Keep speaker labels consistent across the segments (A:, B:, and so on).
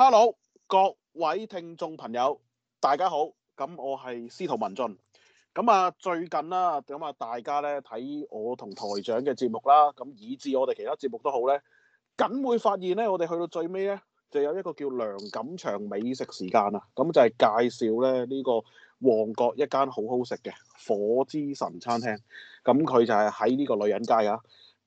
A: Hello，各位聽眾朋友，大家好。咁我係司徒文進。咁啊，最近啦，咁啊，大家咧睇我同台長嘅節目啦，咁以至我哋其他節目都好咧，梗會發現咧，我哋去到最尾咧，就有一個叫梁錦祥美食時間啊。咁就係介紹咧呢個旺角一間好好食嘅火之神餐廳。咁佢就係喺呢個女人街啊。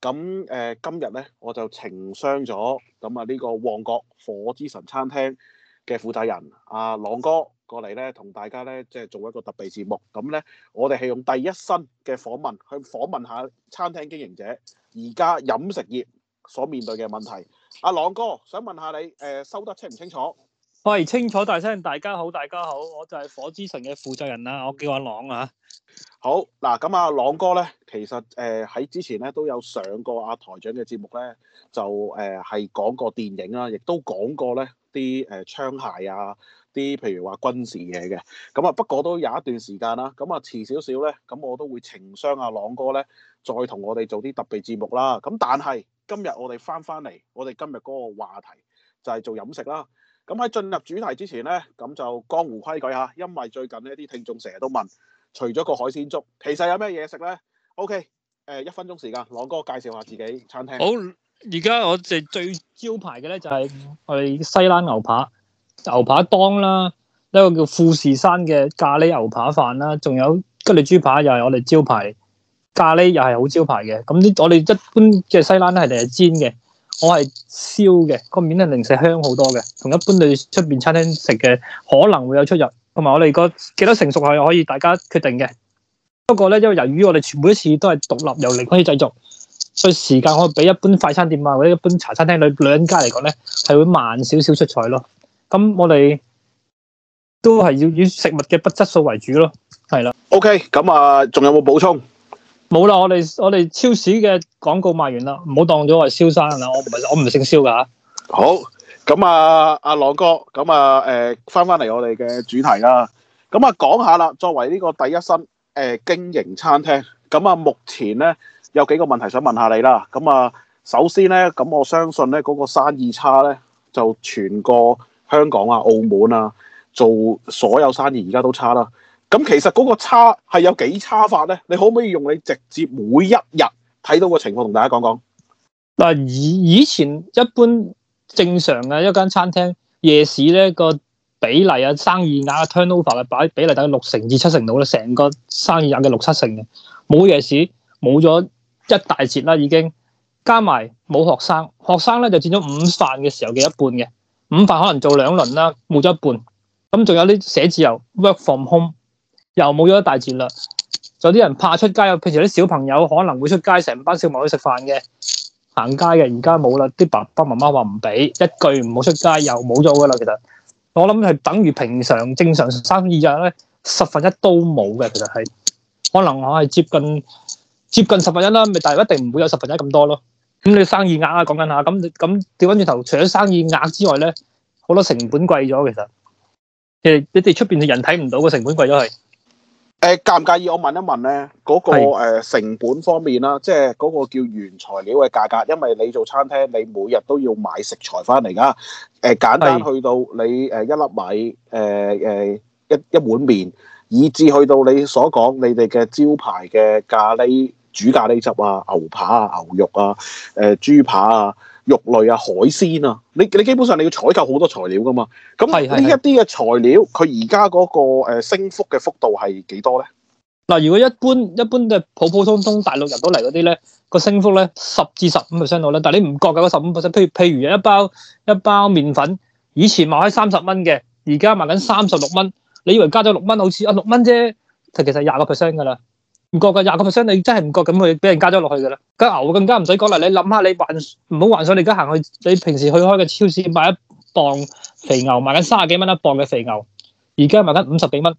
A: 咁誒、呃、今日咧，我就情商咗，咁啊呢個旺角火之神餐廳嘅負責人阿、啊、朗哥過嚟咧，同大家咧即係做一個特別節目。咁咧，我哋係用第一身嘅訪問去訪問下餐廳經營者而家飲食業所面對嘅問題。阿、啊、朗哥想問下你誒、呃、收得清唔清楚？喂，清楚大聲，大家好，大家好，我就係火之城嘅負責人啦，我叫阿朗啊。好嗱，咁啊，朗哥咧，其實誒喺、呃、之前咧都有上過阿、啊、台長嘅節目咧，就誒係、呃、講過電影啦，亦都講過咧啲誒槍械啊，啲譬如話軍事嘢嘅。咁啊，不過都有一段時間啦，咁啊遲少少咧，咁我都會情商阿、啊、朗哥咧，再同我哋做啲特別節目啦。咁但係今日我哋返返嚟，我哋今日嗰個話題就係做飲食啦。咁喺進入主題之前咧，咁就江湖規矩吓，因為最近呢啲聽眾成日都問，除咗個海鮮粥，其實有咩嘢食咧？O K，誒，一分鐘時間，朗哥介紹下自己餐廳。好，
B: 而家我哋最招牌嘅咧就係我哋西冷牛扒、牛扒當啦，一個叫富士山嘅咖喱牛扒飯啦，仲有吉列豬扒又係我哋招牌，咖喱又係好招牌嘅。咁呢，我哋一般嘅西冷咧係嚟煎嘅。我係燒嘅，個面係零食香好多嘅，同一般你出面餐廳食嘅可能會有出入。同埋我哋個幾多成熟係可以大家決定嘅。不過咧，因為由於我哋全部一次都係獨立由零開始製作，所以時間可以比一般快餐店啊或者一般茶餐廳裏兩家嚟講咧係會慢少少出菜咯。咁我哋都係要以食物嘅不質素為主咯。
A: 係啦，OK，咁啊，仲有冇補充？
B: 冇啦，我哋我哋超市嘅廣告賣完啦，唔好當咗我係蕭生啦，我唔係，我唔
A: 姓蕭噶。好，咁啊，阿羅哥，咁啊，誒、呃，翻翻嚟我哋嘅主題啦。咁啊，講下啦，作為呢個第一身誒、呃、經營餐廳，咁啊，目前咧有幾個問題想問下你啦。咁啊，首先咧，咁我相信咧嗰、那個生意差咧，就全個香港啊、澳門啊，做所有生意而家都差啦。咁其實嗰個差係有幾差法咧？你可唔可以用你直接每一日睇到個情況同大家講講
B: 嗱？以以前一般正常嘅一間餐廳夜市咧，個比例啊，生意額 turnover 嘅擺比例等於六成至七成到啦，成個生意額嘅六七成嘅，冇夜市，冇咗一大截啦。已經加埋冇學生，學生咧就佔咗午飯嘅時候嘅一半嘅，午飯可能做兩輪啦，冇咗一半咁，仲有啲寫字由 work from home。又冇咗一大截啦，有啲人怕出街，譬如啲小朋友可能會出街，成班小朋友去食飯嘅，行街嘅，而家冇啦。啲爸爸媽媽話唔俾，一句唔好出街，又冇咗噶啦。其實我諗係等於平常正常生意額咧，十分一都冇嘅。其實係可能我係接近接近十分一啦，咪但係一定唔會有十分一咁多咯。咁你生意額啊，講緊下咁，咁調翻轉頭，除咗生意額之外咧，好多成本貴咗。其實其實你哋出邊嘅人睇唔到嘅成本貴咗係。
A: 誒、呃，介唔介意我問一問咧？嗰、那個誒、呃、成本方面啦，即係嗰個叫原材料嘅價格，因為你做餐廳，你每日都要買食材返嚟㗎。誒、呃，簡單去到你誒一粒米，誒誒一一碗麵，以至去到你所講你哋嘅招牌嘅咖喱煮咖喱汁啊，牛扒啊，牛肉啊，誒、呃、豬扒啊。肉類啊、海鮮啊，你你基本上你要採購好多材料噶嘛，咁呢一啲嘅材料佢而家嗰個升幅嘅幅度係幾多咧？
B: 嗱，如果一般一般嘅普普通通大陸入到嚟嗰啲咧，個升幅咧十至十五 percent 度啦，但係你唔覺㗎，十五 percent，譬如譬如有一包一包麵粉，以前賣喺三十蚊嘅，而家賣緊三十六蚊，你以為加咗六蚊好似啊六蚊啫，就其實廿個 percent 㗎啦。唔覺噶廿個 percent，你真係唔覺咁去俾人加咗落去噶啦。咁牛更加唔使講啦。你諗下，你幻唔好幻想，你而家行去你平時去開嘅超市買一磅肥牛，賣緊三十幾蚊一磅嘅肥牛，而家賣緊五十幾蚊，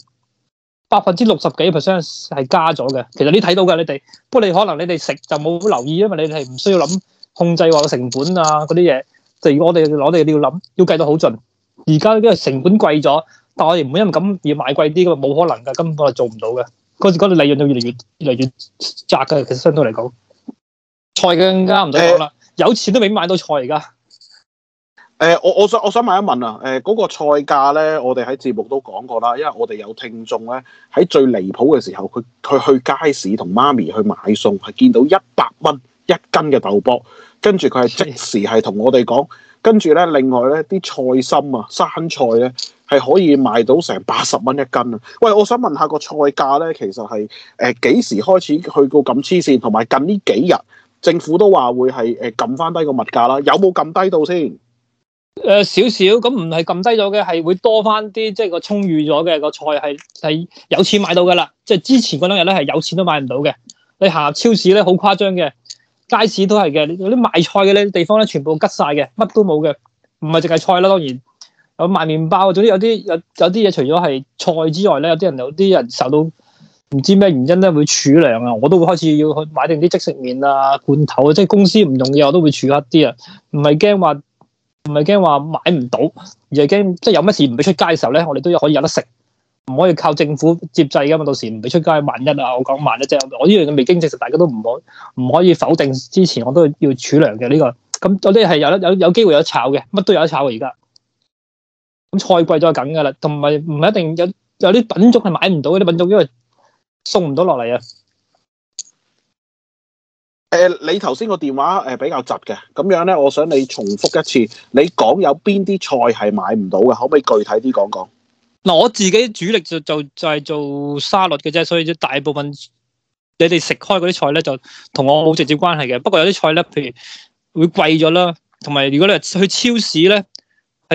B: 百分之六十幾 percent 係加咗嘅。其實你睇到噶，你哋不過你可能你哋食就冇留意，因為你哋唔需要諗控制話、啊、個成本啊嗰啲嘢。就如果我哋攞，我哋要諗，要計到好盡。而家呢個成本貴咗，但係我哋唔會因為咁而賣貴啲噶嘛，冇可能噶，根本就做唔到嘅。嗰時嗰啲利潤就越嚟越越嚟越窄嘅，其實相對嚟講，菜更加唔使講啦，有錢都未買到菜而家。
A: 誒，我我想我想問一問啊，誒嗰個菜價咧，我哋喺節目都講過啦，因為我哋有聽眾咧喺最離譜嘅時候，佢佢去街市同媽咪去買餸，係見到一百蚊一斤嘅豆卜。跟住佢係即時係同我哋講，跟住咧另外咧啲菜心啊、生菜咧。係可以賣到成八十蚊一斤啊！喂，我想問下個菜價咧，其實係誒幾時開始去到咁黐線？同埋近呢幾日政府都話會係誒撳翻低個物價啦，有冇撳低到先？
B: 誒少少，咁唔係撳低咗嘅，係會多翻啲，即係個充裕咗嘅個菜係係有錢買到噶啦。即係之前嗰兩日咧係有錢都買唔到嘅。你行超市咧好誇張嘅，街市都係嘅，嗰啲賣菜嘅咧地方咧全部吉晒嘅，乜都冇嘅，唔係淨係菜啦，當然。咁賣麵包，總之有啲有有啲嘢，除咗係菜之外咧，有啲人有啲人受到唔知咩原因咧，會儲糧啊，我都會開始要去買定啲即食麵啊、罐頭啊，即係公司唔用嘅，我都會儲一啲啊。唔係驚話唔係驚話買唔到，而係驚即係有乜事唔俾出街嘅時候咧，我哋都可以有得食，唔可以靠政府接濟㗎嘛。到時唔俾出街，萬一啊，我講萬一啫。我呢樣嘅未經證實，大家都唔可唔可以否定之前，我都要儲糧嘅呢個。咁我啲係有有有機會有得炒嘅，乜都有得炒嘅而家。咁菜貴咗梗噶啦，同埋唔一定有有啲品種係買唔到嗰啲品種，因
A: 為送唔到落嚟啊。誒，你頭先個電話誒比較雜嘅，咁樣咧，我想你重複一次，你講有邊啲菜係買唔到嘅，可唔可以具體啲講講？
B: 嗱，我自己主力就就就係、是、做沙律嘅啫，所以大部分你哋食開嗰啲菜咧，就同我冇直接關係嘅。不過有啲菜咧，譬如會貴咗啦，同埋如果你去超市咧。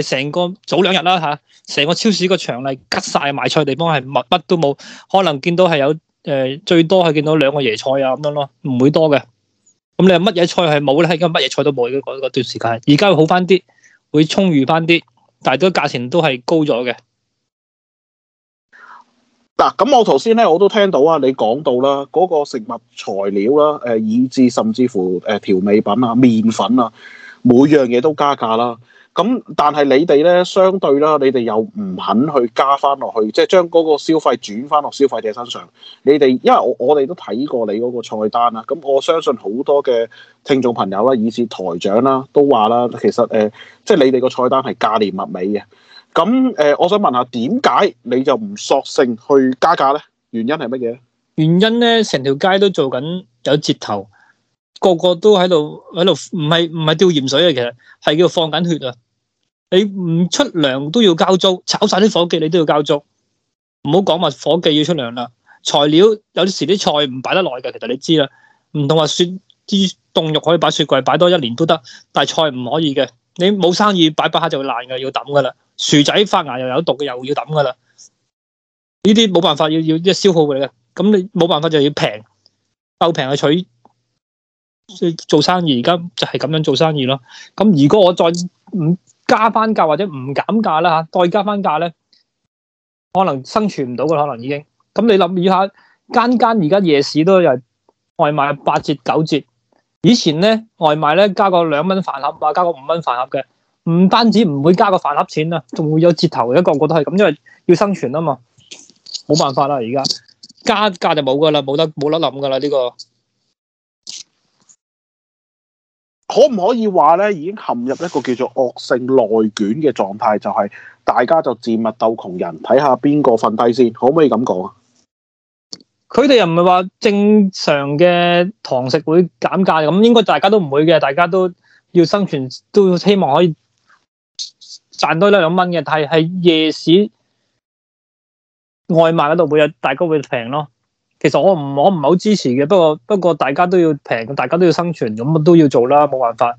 B: 係成個早兩日啦吓，成個超市個場例吉晒買菜地方係乜乜都冇，可能見到係有誒、呃、最多係見到兩個椰菜啊，咁樣咯，唔會多嘅。咁你係乜嘢菜係冇咧？而家乜嘢菜都冇，而家嗰段時間。而家會好翻啲，會充裕翻啲，但係都價錢都係高咗嘅。
A: 嗱，咁我頭先咧我都聽到啊，你講到啦，嗰、那個食物材料啦，誒、呃、以至甚至乎誒、呃、調味品啊、麵粉啊，每樣嘢都加價啦。咁但係你哋咧，相對啦，你哋又唔肯去加翻落去，即係將嗰個消費轉翻落消費者身上。你哋因為我我哋都睇過你嗰個菜單啦，咁我相信好多嘅聽眾朋友啦，以至台長啦都話啦，其實誒、呃，即係你哋個菜單係價廉物美嘅。咁誒、呃，我想問下點解你就唔索性去加價咧？原因係乜嘢？
B: 原因咧，成條街都做緊有折頭，個個都喺度喺度，唔係唔係吊鹽水嘅。其實係叫放緊血啊！你唔出糧都要交租，炒晒啲伙計你都要交租，唔好講話伙計要出糧啦。材料有啲時啲菜唔擺得耐嘅，其實你知啦。唔同話雪啲凍肉可以擺雪櫃擺多一年都得，但係菜唔可以嘅。你冇生意擺擺下就會爛嘅，要抌噶啦。薯仔發芽又有毒嘅，又要抌噶啦。呢啲冇辦法，要要一消耗嚟嘅。咁你冇辦法就要平，夠平去取去做生意。而家就係咁樣做生意咯。咁如果我再唔加翻價或者唔減價啦嚇，再加翻價咧，可能生存唔到嘅，可能已經。咁你諗以下間間而家夜市都有外賣八折九折，以前咧外賣咧加個兩蚊飯盒啊，加個五蚊飯盒嘅，唔單止唔會加個飯盒錢啊，仲會有折頭，而家個個都係咁，因為要生存啊嘛，冇辦法啦，而家加價就冇噶啦，冇得冇得諗噶啦呢個。
A: 可唔可以話咧已經陷入一個叫做惡性內卷嘅狀態，就係、是、大家就自物鬥窮人，睇下邊個瞓低先，可唔可以咁講啊？
B: 佢哋又唔係話正常嘅堂食會減價，咁應該大家都唔會嘅，大家都要生存，都要希望可以賺多一兩蚊嘅。但係喺夜市外賣嗰度會有，大家會平咯。其實我唔我唔係好支持嘅，不過不過大家都要平，大家都要生存，咁都要做啦，冇辦法，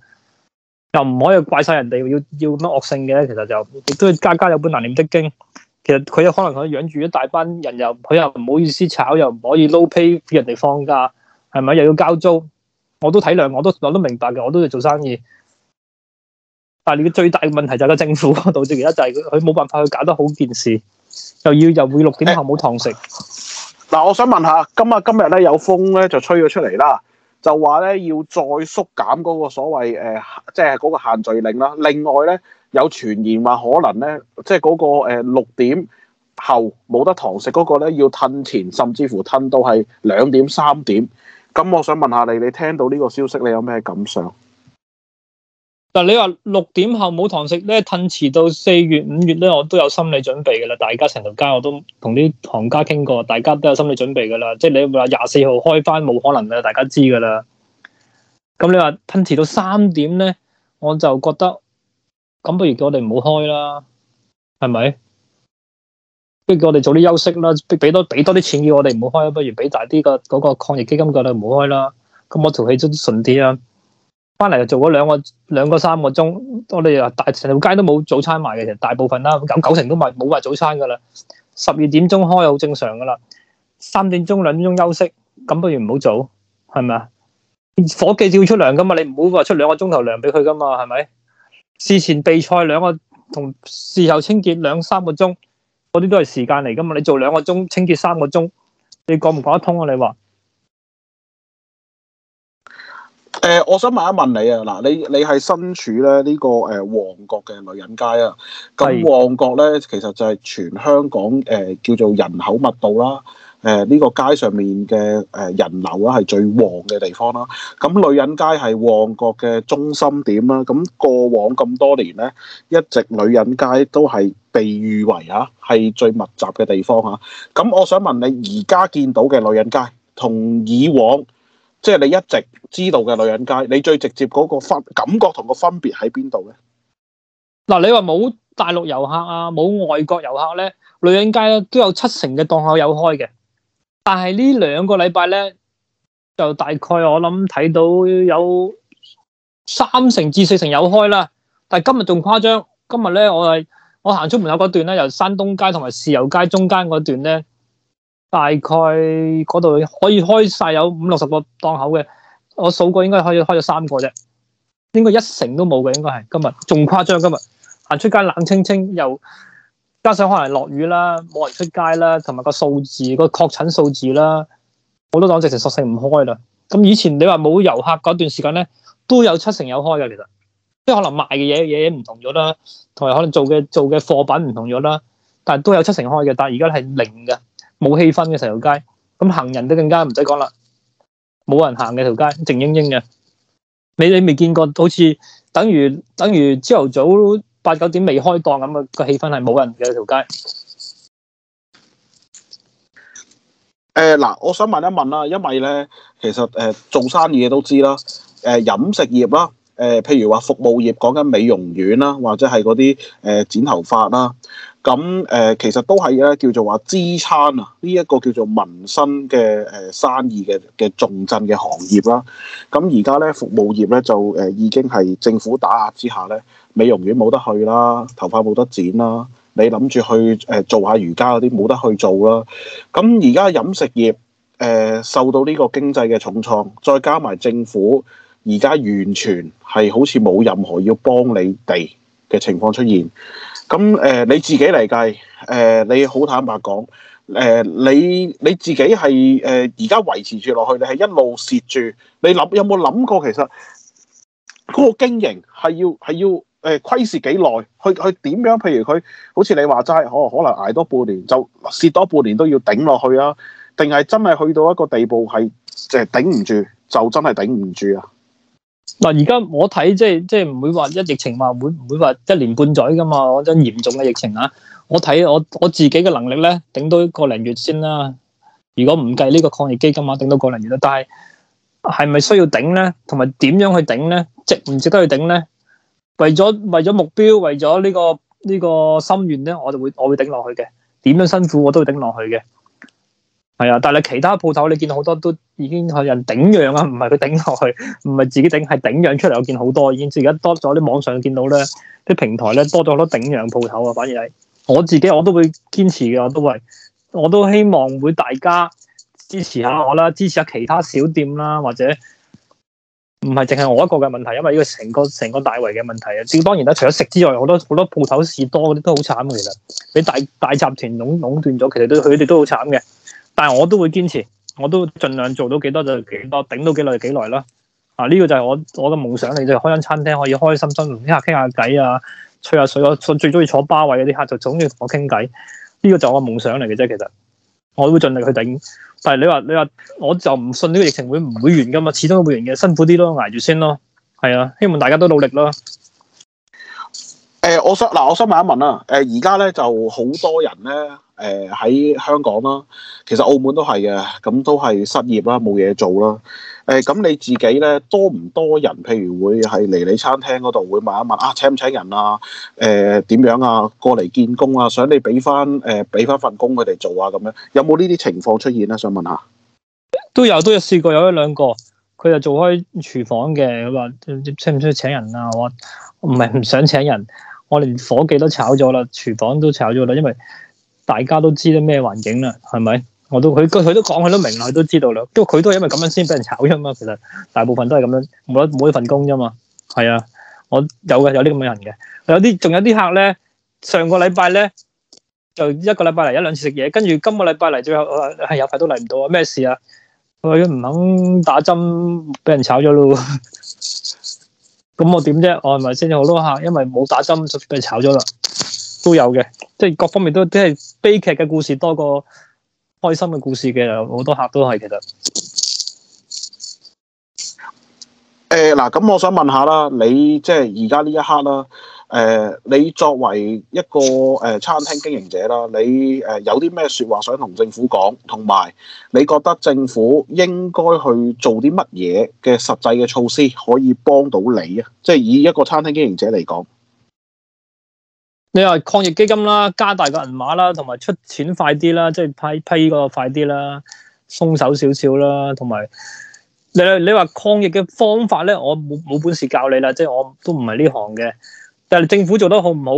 B: 又唔可以怪晒人哋，要要咁惡性嘅，其實就亦都係家家有本難念的經。其實佢可能佢養住一大班人，又佢又唔好意思炒，又唔可以 low pay 人哋放假，係咪又要交租？我都體諒，我都我都明白嘅，我都要做生意。但係你嘅最大嘅問題就喺政府嗰度，即係而家就係佢冇辦法去搞得好件事，又要又會六點後冇堂食。
A: 嗱、啊，我想問下，今啊今日咧有風咧就吹咗出嚟啦，就話咧要再縮減嗰個所謂誒，即係嗰個限聚令啦。另外咧有傳言話可能咧，即係嗰個誒六點後冇得堂食嗰個咧要褪前，甚至乎褪到係兩點三點。咁我想問下你，你聽到呢個消息，你有咩感想？
B: 但你話六點後冇堂食咧，褪遲到四月五月咧，我都有心理準備噶啦。大家成條街我都同啲行家傾過，大家都有心理準備噶啦。即係你話廿四號開翻冇可能啦，大家知噶啦。咁你話褪遲到三點咧，我就覺得咁不如叫我哋唔好開啦，係咪？不如叫我哋早啲休息啦，俾多俾多啲錢叫我哋唔好開，不如俾大啲個嗰個抗疫基金嗰度唔好開啦，咁我條氣都順啲啊！翻嚟就做咗兩個兩個三個鐘，我哋大成條街都冇早餐賣嘅，其實大部分啦，九九成都賣冇話早餐噶啦。十二點鐘開好正常噶啦，三點鐘兩點鐘休息，咁不如唔好做，係咪啊？伙計照出糧噶嘛，你唔好話出兩個鐘頭糧俾佢噶嘛，係咪？事前備菜兩個同事後清潔兩三個鐘，嗰啲都係時間嚟噶嘛，你做兩個鐘清潔三個鐘，你講唔講得通啊？你話？
A: 誒，我想問一問你啊，嗱，你你係身處咧呢個誒旺角嘅女人街啊，咁旺角咧其實就係全香港誒叫做人口密度啦，誒呢個街上面嘅誒人流啦係最旺嘅地方啦，咁女人街係旺角嘅中心點啦，咁過往咁多年咧，一直女人街都係被譽為啊係最密集嘅地方嚇，咁我想問你而家見到嘅女人街同以往？即係你一直知道嘅女人街，你最直接嗰個分感覺同個分別喺邊度呢？嗱，你話冇
B: 大陸遊客啊，冇外國遊客呢，女人街都有七成嘅檔口有開嘅，但係呢兩個禮拜呢，就大概我諗睇到有三成至四成有開啦。但係今日仲誇張，今日呢，我係我行出門口嗰段呢，由山東街同埋豉油街中間嗰段呢。大概嗰度可以開晒有五六十個檔口嘅，我數過應該可以開咗三個啫，應該一成都冇嘅，應該係今日仲誇張。今日行出街冷清清，又加上可能落雨啦，冇人出街啦，同埋個數字、個確診數字啦，好多檔直情索性唔開啦。咁以前你話冇遊客嗰段時間咧，都有七成有開嘅，其實即係可能賣嘅嘢嘢唔同咗啦，同埋可能做嘅做嘅貨品唔同咗啦，但係都有七成開嘅，但係而家係零嘅。冇氣氛嘅成條街，咁行人都更加唔使講啦，冇人行嘅條街，靜應應靜英英嘅。你你未見過，好似等於等於朝頭早八九點未開檔
A: 咁嘅個氣氛係冇人嘅條街。誒嗱，我想問一問啦，因為咧其實誒做生意嘅都知啦，誒飲食業啦。誒、呃，譬如話服務業講緊美容院啦，或者係嗰啲誒剪頭髮啦，咁、啊、誒、呃、其實都係咧叫做話支撐啊呢一個叫做民生嘅誒、呃、生意嘅嘅重鎮嘅行業啦。咁而家咧服務業咧就誒、呃、已經係政府打壓之下咧，美容院冇得去啦，頭髮冇得剪啦，你諗住去誒做下瑜伽嗰啲冇得去做啦。咁而家飲食業誒、呃、受到呢個經濟嘅重創，再加埋政府。而家完全係好似冇任何要幫你哋嘅情況出現。咁誒、呃、你自己嚟計誒，你好坦白講誒、呃，你你自己係誒而家維持住落去，你係一路蝕住。你諗有冇諗過其實嗰個經營係要係要誒、呃、虧蝕幾耐？去去點樣？譬如佢好似你話齋，可、哦、可能捱多半年就蝕多半年都要頂落去啊？定係真係去到一個地步係誒頂唔住，就真係頂唔住啊？
B: 嗱，而家我睇即係即係唔會話一疫情話會唔會話一年半載噶嘛？講真，嚴重嘅疫情啊！我睇我我自己嘅能力咧，頂到一個零月先啦。如果唔計呢個抗疫基金啊，頂多個零月啦。但係係咪需要頂咧？同埋點樣去頂咧？值唔值得去頂咧？為咗為咗目標，為咗呢個呢個心願咧，我就會我會頂落去嘅。點樣辛苦我都會頂落去嘅。係啊，但係其他鋪頭，你見到好多都已經有人頂讓啊，唔係佢頂落去，唔係自己頂，係頂讓出嚟。我見好多，已經而家多咗啲網上見到咧，啲平台咧多咗好多頂讓鋪頭啊。反而係我自己，我都會堅持嘅，我都係，我都希望會大家支持下我啦，支持下其他小店啦，或者唔係淨係我一個嘅問題，因為呢個成個成個大圍嘅問題啊。當然啦，除咗食之外，好多好多鋪頭士多嗰啲都好慘嘅，其實俾大大集團壟壟斷咗，其實佢哋都好慘嘅。但係我都會堅持，我都盡量做到幾多就幾多，頂到幾耐就幾耐啦。啊，呢個就係我我嘅夢想，你就開間餐廳可以開心心，傾下傾下偈啊，吹下水。我最最中意坐巴位嗰啲客就總要同我傾偈。呢個就我嘅夢想嚟嘅啫，其實我會盡力去頂。但係你話你話，我就唔信呢個疫情會唔會完噶嘛？始終會完嘅，辛苦啲咯，捱住先咯。係啊，希望大家都努力咯。
A: 誒，我想嗱，我想問一問啊，誒、呃，而家咧就好多人咧。誒、呃、喺香港啦，其實澳門也是都係嘅，咁都係失業啦，冇嘢做啦。誒、呃、咁你自己咧多唔多人？譬如會係嚟你餐廳嗰度會問一問啊，請唔請人啊？誒、呃、點樣啊？過嚟見工啊？想你俾翻誒俾翻份工佢哋做啊？咁樣有冇呢啲情況出現咧？想問下
B: 都有。都有試過有一兩個，佢就做開廚房嘅咁話，請唔請人啊？我唔係唔想請人，我連夥計都炒咗啦，廚房都炒咗啦，因為。大家都知啲咩環境啦，係咪？我都佢佢都講，佢都明啦，佢都知道啦。因為佢都係因為咁樣先俾人炒咗嘛。其實大部分都係咁樣，冇冇一份工啫嘛。係啊，我有嘅，有啲咁嘅人嘅，有啲仲有啲客咧，上個禮拜咧就一個禮拜嚟一兩次食嘢，跟住今個禮拜嚟最後係有排都嚟唔到啊！咩事啊？佢唔肯打針，俾人炒咗咯。咁 我點啫？我係咪先至好多客，因為冇打針就俾人炒咗啦？都有嘅，即係各方面都即係。悲劇嘅故事多過開心嘅故事嘅，好多客都係其實、呃。
A: 誒，嗱，咁我想問一下啦，你即係而家呢一刻啦，誒、呃，你作為一個誒、呃、餐廳經營者啦，你誒、呃、有啲咩說話想同政府講，同埋你覺得政府應該去做啲乜嘢嘅實際嘅措施可以幫到你啊？即係以一個餐廳經營者嚟講。
C: 你話
B: 抗疫基金啦，加大個銀碼啦，同埋出錢快啲啦，即係批批嗰個快啲啦，鬆手少少啦，同埋你你話抗疫嘅方法咧，我冇冇本事教你啦，即係我都唔係呢行嘅。但係政府做得好唔好，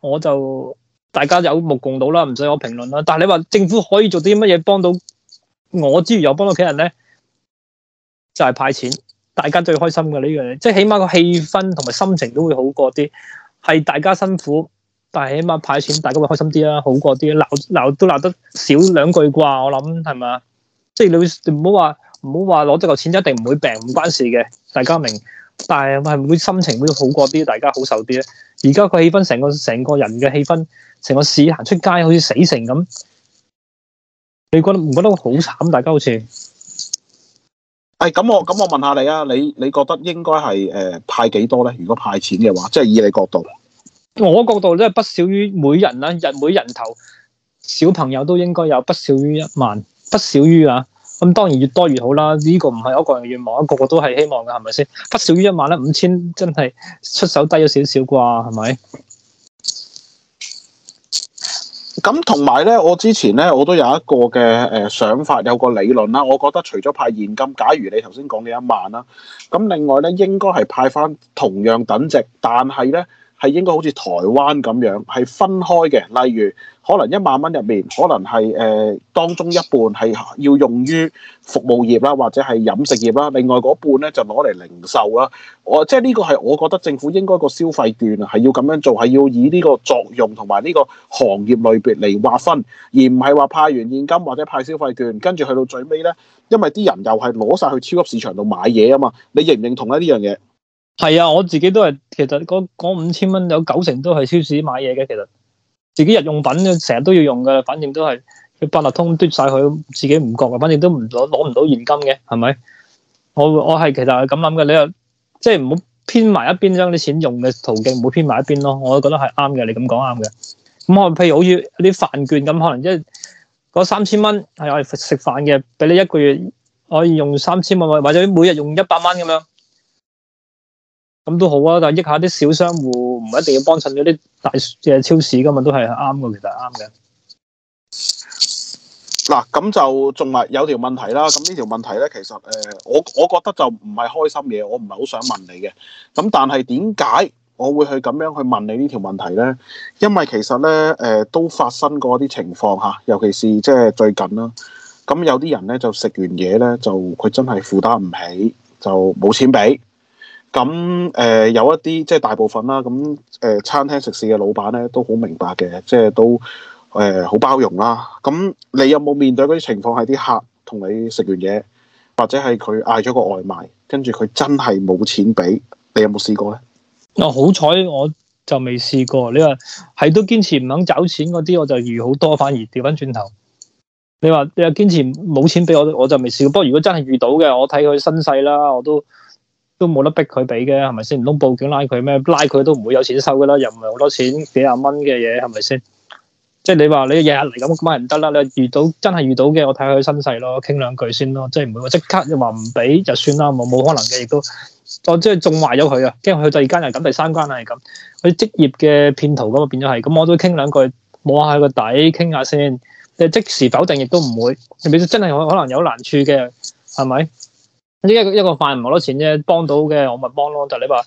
B: 我就大家有目共睹啦，唔使我評論啦。但係你話政府可以做啲乜嘢幫到我之餘又幫到屋企人咧，就係派錢，大家最開心嘅呢樣嘢，即係起碼個氣氛同埋心情都會好過啲，係大家辛苦。但係起碼派錢，大家會開心啲啊，好過啲，鬧鬧都鬧得少兩句啩，我諗係咪啊？即係、就是、你會唔好話唔好話攞咗嚿錢一定唔會病，唔關事嘅，大家明。但係係會心情會好過啲，大家好受啲咧。而家個氣氛，成個成個人嘅氣氛，成個市行出街好似死城咁。你覺得唔覺得好慘？大家好似。
A: 係、哎、咁我咁我問下你啊，你你覺得應該係誒、呃、派幾多咧？如果派錢嘅話，即係以你角度。
B: 我角度咧，不少於每人啦，日每人頭小朋友都應該有不少於一萬，不少於啊。咁當然越多越好啦。呢個唔係我個人願望，個個都係希望嘅，係咪先？不少於一萬咧，五千真係出手低咗少少啩，係咪？
A: 咁同埋咧，我之前咧，我都有一個嘅誒想法，有個理論啦。我覺得除咗派現金，假如你頭先講嘅一萬啦，咁另外咧，應該係派翻同樣等值，但係咧。係應該好似台灣咁樣，係分開嘅。例如，可能一萬蚊入面，可能係誒、呃、當中一半係要用於服務業啦，或者係飲食業啦。另外嗰半咧就攞嚟零售啦。我即係呢個係我覺得政府應該個消費券啊，係要咁樣做，係要以呢個作用同埋呢個行業類別嚟劃分，而唔係話派完現金或者派消費券，跟住去到最尾咧，因為啲人又係攞晒去超級市場度買嘢啊嘛。你認唔認同咧呢樣嘢？係啊，我自己都係，其實嗰五
B: 千蚊有九成都係超市買嘢嘅。其實自己日用品成日都要用嘅，反正都係八達通嘟晒佢，自己唔覺啊。反正都唔攞攞唔到現金嘅，係咪？我我係其實係咁諗嘅，你又即係唔好偏埋一邊，將啲錢用嘅途徑唔好偏埋一邊咯。我都覺得係啱嘅，你咁講啱嘅。咁我譬如好似啲飯券咁，可能即係嗰三千蚊係我哋食飯嘅，俾你一個月我可以用三千蚊，或者每日用一百蚊咁樣。咁都好啊，但係益下啲小商戶，唔一定要幫襯嗰啲大誒超市噶嘛，都係啱嘅，其實啱嘅。
A: 嗱，咁就仲埋有條問題啦。咁呢條問題咧，其實誒，我我覺得就唔係開心嘢，我唔係好想問你嘅。咁但係點解我會去咁樣去問你呢條問題咧？因為其實咧，誒、呃，都發生過啲情況吓，尤其是即係最近啦。咁有啲人咧就食完嘢咧，就佢真係負擔唔起，就冇錢俾。咁、嗯、誒、呃、有一啲即係大部分啦，咁、嗯、誒、呃、餐廳食肆嘅老闆咧都好明白嘅，即係都誒好、呃、包容啦。咁、嗯、你有冇面對嗰啲情況係啲客同你食完嘢，或者係佢嗌咗個外賣，跟住佢真係冇錢俾？你有冇試過咧？
B: 啊，好彩我就未試過。你話係都堅持唔肯找錢嗰啲，我就遇好多，反而掉翻轉頭。你話你話堅持冇錢俾我，我就未試過。不過如果真係遇到嘅，我睇佢身世啦，我都。都冇得逼佢俾嘅，係咪先？唔通報警拉佢咩？拉佢都唔會有錢收嘅啦，又唔係好多錢，幾廿蚊嘅嘢，係咪先？即係你話你日日嚟咁樣咪唔得啦。你遇到真係遇到嘅，我睇下佢身世咯，傾兩句先咯。即係唔會即刻就話唔俾就算啦，冇冇可能嘅，亦都我即係縱壞咗佢啊，驚佢第二間又咁，第三間又係咁。佢職業嘅騙徒咁啊，變咗係咁，我都傾兩句摸下個底，傾下先。即即時否定亦都唔會，未必真係可能有難處嘅，係咪？呢一一個飯唔好多錢啫，幫到嘅我咪
A: 幫咯。就你話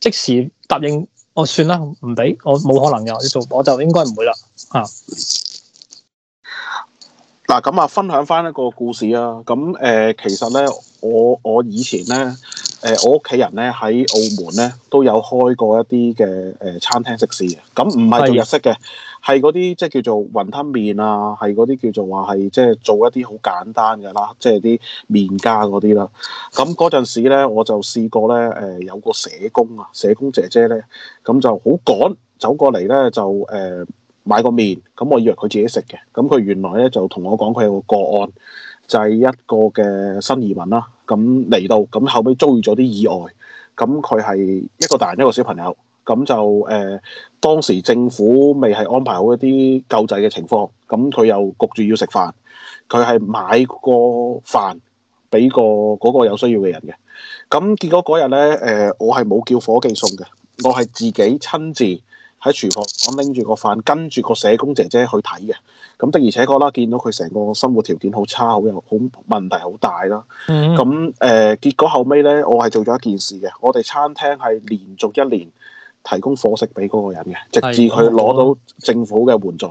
B: 即時答應，我算啦，唔俾我冇可能噶，做我
A: 就應該唔會啦。啊，嗱咁啊，分享翻一個故事啊。咁誒、呃，其實咧，我我以前咧，誒、呃，我屋企人咧喺澳門咧都有開過一啲嘅誒餐廳食肆嘅，咁唔係做日式嘅。係嗰啲即係叫做雲吞麵啊，係嗰啲叫做話係即係做一啲好簡單嘅啦，即係啲麵家嗰啲啦。咁嗰陣時咧，我就試過咧，誒、呃、有個社工啊，社工姐姐咧，咁就好趕走過嚟咧，就誒、呃、買個麵，咁我以為佢自己食嘅。咁佢原來咧就同我講佢有個個案，就係、是、一個嘅新移民啦，咁嚟到，咁後尾遭遇咗啲意外，咁佢係一個大人一個小朋友。咁就誒、呃、當時政府未係安排好一啲救濟嘅情況，咁佢又焗住要食飯，佢係買個飯俾個嗰個有需要嘅人嘅。咁結果嗰日呢，我係冇叫伙記送嘅，我係自己親自喺廚房拎住個飯跟住個社工姐姐去睇嘅。咁的而且確啦，見到佢成個生活條件好差，好有好問題，好大啦。咁、呃、誒結果後尾呢，我係做咗一件事嘅。我哋餐廳係連續一年，提供伙食俾嗰個人嘅，直至佢攞到政府嘅援助。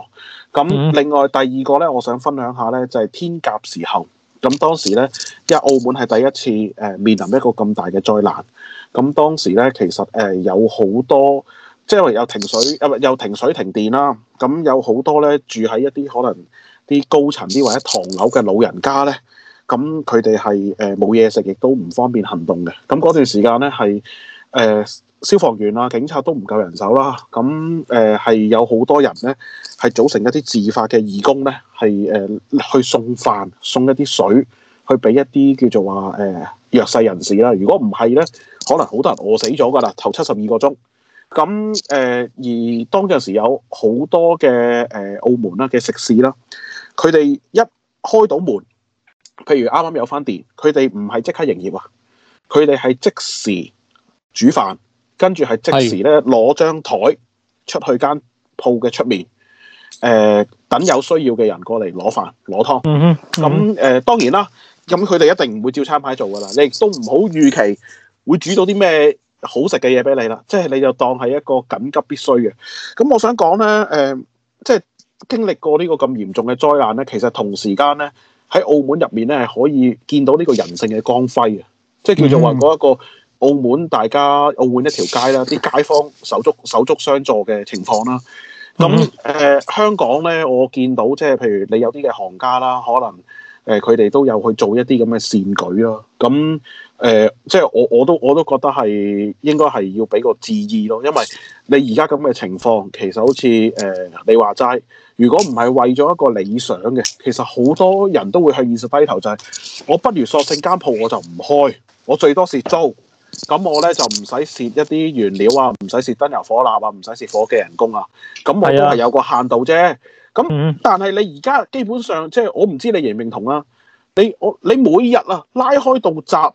A: 咁另外第二個咧，我想分享一下咧，就係、是、天鴿時候。咁當時咧，因為澳門係第一次誒、呃、面臨一個咁大嘅災難。咁當時咧，其實誒、呃、有好多，即係有停水啊，唔係有停水停電啦。咁有好多咧住喺一啲可能啲高層啲或者唐樓嘅老人家咧，咁佢哋係誒冇嘢食，亦、呃、都唔方便行動嘅。咁嗰段時間咧係誒。消防員啊，警察都唔夠人手啦，咁誒係有好多人咧，係組成一啲自發嘅義工咧，係誒、呃、去送飯、送一啲水，去俾一啲叫做話誒、呃、弱勢人士啦。如果唔係咧，可能好多人餓死咗噶啦，頭七十二個鐘。咁誒、呃、而當陣時有好多嘅誒、呃、澳門啦嘅食肆啦，佢哋一開到門，譬如啱啱有翻電，佢哋唔係即刻營業啊，佢哋係即時煮飯。跟住係即時咧攞張台出去間鋪嘅出面，誒、呃、等有需要嘅人過嚟攞飯攞湯。
C: 咁、嗯、
A: 誒、嗯呃、當然啦，咁佢哋一定唔會照餐牌做噶啦。你亦都唔好預期會煮到啲咩好食嘅嘢俾你啦。即、就、係、是、你就當係一個緊急必須嘅。咁我想講咧，誒即係經歷過呢個咁嚴重嘅災難咧，其實同時間咧喺澳門入面咧係可以見到呢個人性嘅光輝啊，即係叫做話嗰一個。嗯澳門大家澳門一條街啦，啲街坊手足手足相助嘅情況啦。咁誒、呃、香港咧，我見到即係譬如你有啲嘅行家啦，可能誒佢哋都有去做一啲咁嘅善舉咯。咁誒、呃、即係我我都我都覺得係應該係要俾個致意咯，因為你而家咁嘅情況，其實好似誒、呃、你話齋，如果唔係為咗一個理想嘅，其實好多人都會向現實低頭，就係。我不如索性間鋪我就唔開，我最多是租。咁我咧就唔使蝕一啲原料啊，唔使蝕燈油火蠟啊，唔使蝕伙記人工啊。咁我都係有個限度啫。咁、啊嗯、但係你而家基本上即係我唔知你認唔認同啊。你我你每日啊拉開道閘，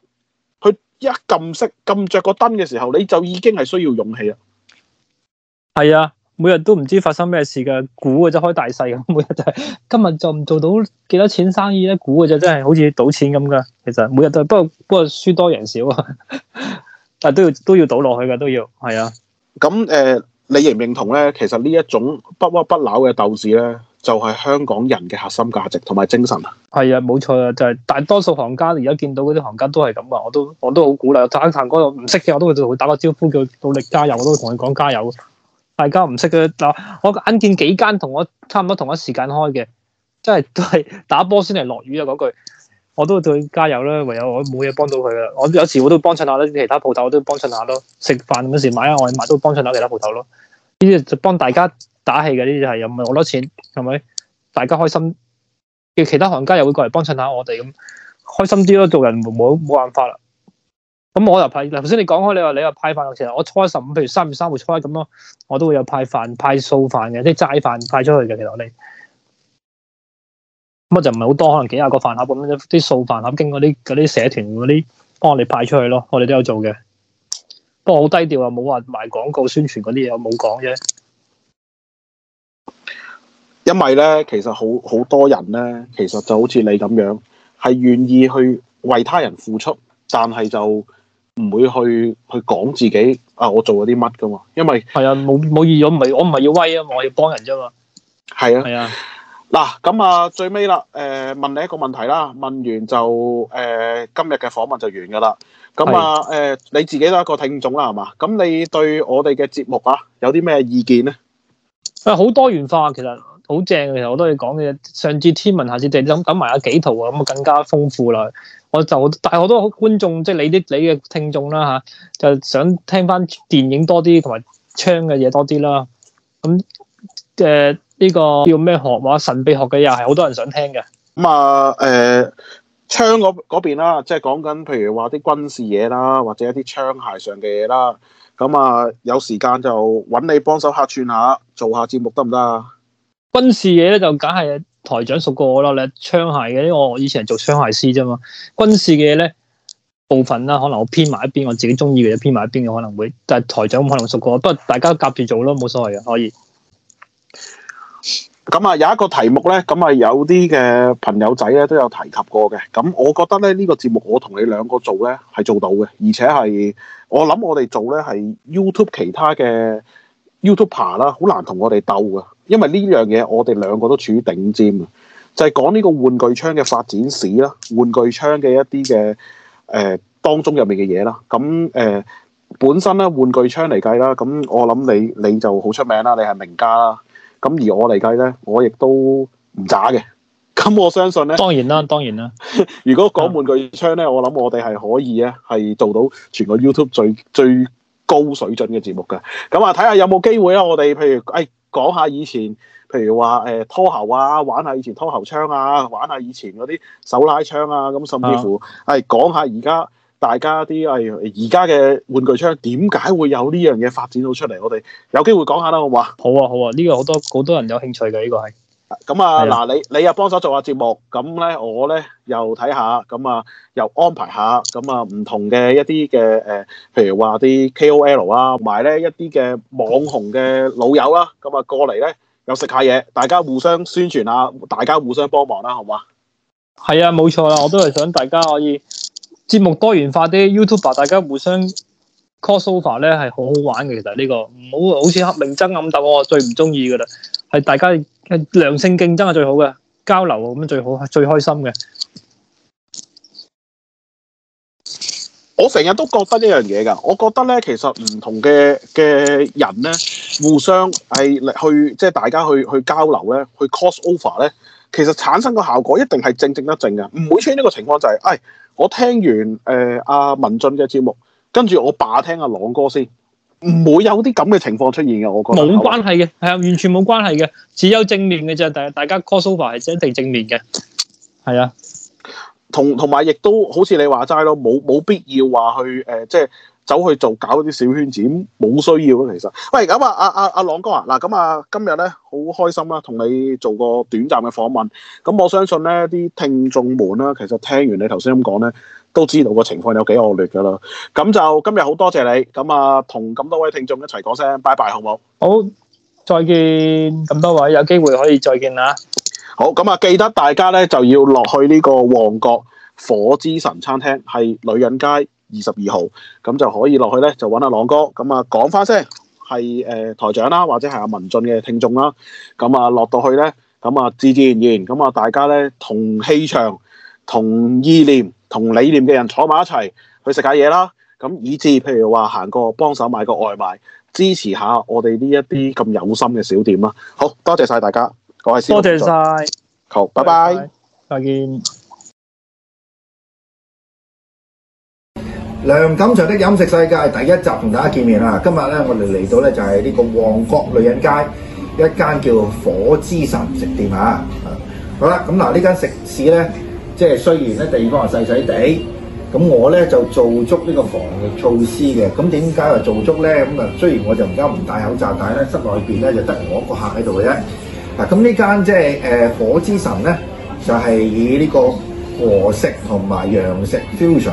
A: 佢一撳熄撳着個燈嘅時候，你就已經係需要勇氣
B: 啊。係啊。每日都唔知發生咩事噶，估嘅就開大細噶，每日就係、是、今日就唔做到幾多錢生意咧，估嘅就真係好似賭錢咁噶。其實每日都係，不過不過輸多贏少啊，但都
A: 要都要賭落去噶，都要係啊。咁誒、呃，你認唔認同咧？其實呢一種不屈不撓嘅鬥志咧，就係、是、香港人嘅核心價值同埋精神啊。
B: 係啊，冇錯啊，就係、是、大多數行家而家見到嗰啲行家都係咁啊，我都我都好鼓勵。盞殘哥度唔識嘅，我都會同佢打個招呼，叫努力加油，我都會同佢講加油。大家唔識嘅，我眼見幾間同我差唔多同一時間開嘅，真係都係打波先嚟落雨啊！嗰句我都對佢加油啦，唯有我冇嘢幫到佢啦。我有時我都幫襯下啦，其他鋪頭我都幫襯下咯。食飯嗰時買啊外賣都幫襯下其他鋪頭咯。呢啲就幫大家打氣嘅，呢啲係又唔係我攞錢，係咪？大家開心，其他行家又會過嚟幫襯下我哋咁，開心啲咯。做人冇冇辦法啦～咁我又派，嗱，頭先你講開，你話你又派飯，其實我初一十五，譬如三月三會初一咁咯，我都會有派飯、派素飯嘅，即係齋飯派出去嘅。其實我哋咁就唔係好多，可能幾廿個飯盒咁樣，啲素飯盒經過啲嗰啲社團嗰啲幫我哋派出去咯，我哋都有做嘅。不過好低調啊，冇話賣廣告、宣傳嗰啲嘢，我冇講啫。
A: 因為咧，其實好好多人咧，其實就好似你咁樣，係願意去為他人付出，但係就。唔會去去講自己啊，我做咗啲乜噶嘛？因為係啊，冇冇意義，我唔係我唔係要威啊，我要幫人啫嘛。係啊係啊，嗱咁啊，啊最尾啦，誒、呃、問你一個問題啦，問完就誒、呃、今日嘅訪問就完噶啦。咁啊誒、啊呃、你自己都係一個聽眾啦，係嘛？咁你對我哋嘅節目啊有啲咩意見咧？係好、啊、
B: 多元化，其實。好正，嘅，其實我都係講嘅上至天文，下至地，諗揼埋阿幾套啊，咁啊更加豐富啦。我就但係好多觀眾，即係你啲你嘅聽眾啦吓、啊，就想聽翻電影多啲，同埋槍嘅嘢多啲啦。咁誒呢個叫咩學話神秘學嘅又係好多人想聽嘅。
A: 咁啊，誒，槍嗰邊啦，即係講緊譬如話啲軍事嘢啦，或者一啲槍械上嘅嘢啦。咁啊，有時間就揾你幫手客串下，做下節目得唔得啊？行
B: 軍事嘢咧就梗係台長熟過我啦，你槍械嘅，因為我以前係做槍械師啫嘛。軍事嘅嘢咧部分啦，可能我編埋一邊，我自己中意嘅編埋一邊嘅，可能會，但係台長可能熟過我，不過大家夾住做咯，冇所謂嘅，可以。
A: 咁啊，有一個題目咧，咁啊，有啲嘅朋友仔咧都有提及過嘅。咁我覺得咧呢個節目我同你兩個做咧係做到嘅，而且係我諗我哋做咧係 YouTube 其他嘅。YouTuber 啦，好難同我哋鬥嘅，因為呢樣嘢我哋兩個都處於頂尖啊！就係、是、講呢個玩具槍嘅發展史啦，玩具槍嘅一啲嘅誒當中入面嘅嘢啦。咁、嗯、誒、呃、本身咧玩具槍嚟計啦，咁我諗你你就好出名啦，你係名家啦。咁而我嚟計咧，我亦都唔渣嘅。咁我相信咧，
B: 當然啦，當然啦。
A: 如果講玩具槍咧，我諗我哋係可以啊，係做到全個 YouTube 最最。高水準嘅節目㗎，咁啊睇下有冇機會啊！我哋譬如誒講、哎、下以前，譬如話誒、欸、拖喉啊，玩下以前拖喉槍啊，玩下以前嗰啲手拉槍啊，咁甚至乎誒講、啊哎、下而家大家啲誒而家嘅玩具槍點解會有呢樣嘢發展到出嚟，我哋有機會講下啦，好嘛？好啊好啊，呢、這個好多好多人有興趣嘅，呢、這個係。咁啊，嗱、啊、你你又幫手做下節目，咁咧我咧又睇下，咁啊又安排下，咁啊唔同嘅一啲嘅、呃、譬如話啲 KOL 啊，同埋咧一啲嘅網紅嘅老友啦、啊，咁啊過嚟咧又食下嘢，大家互相宣傳啊，大家互相幫忙啦，好嘛？
B: 係啊，冇錯啦，我都係想大家可以節目多元化啲，YouTuber 大家互相 cross over 咧係好好玩嘅，其實呢、呢個唔好好似黑明爭暗鬥，我最唔中意噶啦。係大家良性競爭係最好嘅，交流咁最好最開心嘅。
A: 我成日都覺得一樣嘢噶，我覺得咧，其實唔同嘅嘅人咧，互相係去即係大家去去交流咧，去 cross over 咧，其實產生個效果一定係正正得正嘅，唔會出現呢個情況就係、是，誒、哎，我聽完誒阿、呃啊、文進嘅節目，跟住我霸聽阿朗哥先。唔會有啲咁嘅情況出現嘅，我覺得冇關
B: 係嘅，係啊，完全冇關係嘅，只有正面嘅啫。大大家 call over 係一定正面嘅，
A: 係啊，同同埋亦都好似你話齋咯，冇冇必要話去誒、呃，即係。走去做搞啲小圈子，冇需要咯。其實，喂咁啊，阿阿阿朗哥啊，嗱咁啊，今日咧好開心啦、啊，同你做個短暫嘅訪問。咁我相信咧，啲聽眾們啦，其實聽完你頭先咁講咧，都知道個情況有幾惡劣㗎喇。咁就今日好多謝你，咁啊，同咁多位聽眾一齊講聲拜拜，好唔好？好，再見咁多位，有機會可以再見啊。好，咁啊，記得大家咧就要落去呢個旺角火之神餐廳，係女人街。二十二號咁就可以落去咧，就揾阿朗哥咁啊講翻先，係誒、呃、台長啦，或者係阿文進嘅聽眾啦。咁啊落到去咧，咁啊自自然然咁啊，就大家咧同氣場、同意念、同理念嘅人坐埋一齊去食下嘢啦。咁以至譬如話行過幫手買個外賣，支持下我哋呢一啲咁有心嘅小店啦。好多謝晒大家，各位師傅，司徒文進多謝晒。好，拜拜，
C: 再見。梁錦祥的飲食世界第一集同大家見面啦！今日咧我哋嚟到咧，就係呢個旺角女人街一間叫火之神食店吓！好啦，咁嗱呢間食肆咧，即係雖然咧地方係細細地，咁我咧就做足呢個防疫措施嘅。咁點解話做足咧？咁啊雖然我就而家唔戴口罩，但係咧室內邊咧就得我一個客喺度嘅啫。嗱，咁呢間即係誒火之神咧，就係以呢個和食同埋洋食 fusion。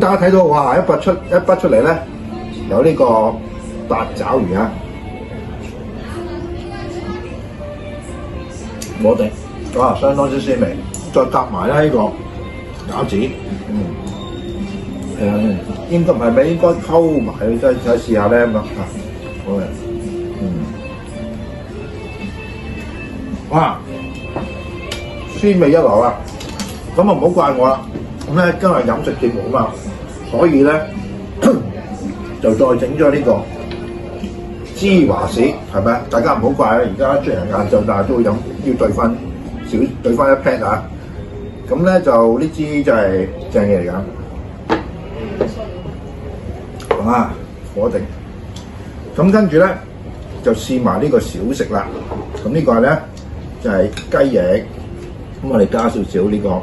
C: 大家睇到一筆出來一筆出嚟有呢個八爪魚啊，我哇相當之鮮味，再夾埋這呢個餃子，嗯，係、嗯、啊，應該唔係咩，應該溝埋，真係試下咧咁好嘅，嗯，哇，鮮味一流啊，咁就唔好怪我啦。咁咧，今日飲食節目啊嘛，所以咧就再整咗呢個芝華士，係咪大家唔好怪啊！而家出人晏晝就但係都會飲，要對翻少，兌翻一 pat 啊！咁咧就呢支就係正嘢嚟㗎，係嘛？火定。咁、啊、跟住咧就試埋呢個小食啦。咁呢個咧就係、係、雞翼，咁我哋加少少呢個。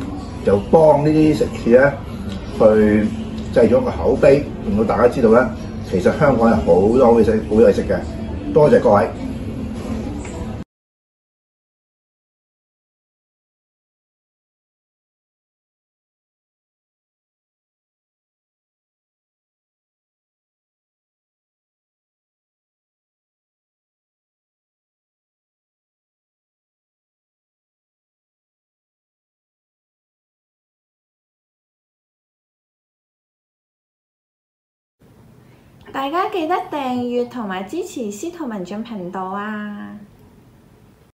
C: 就幫這些事呢啲食肆咧，去製咗個口碑，令到大家知道呢，其實香港有好多嘅食，好
A: 嘢食嘅。多謝各位。大家記得訂閱同埋支持司徒文進頻道啊！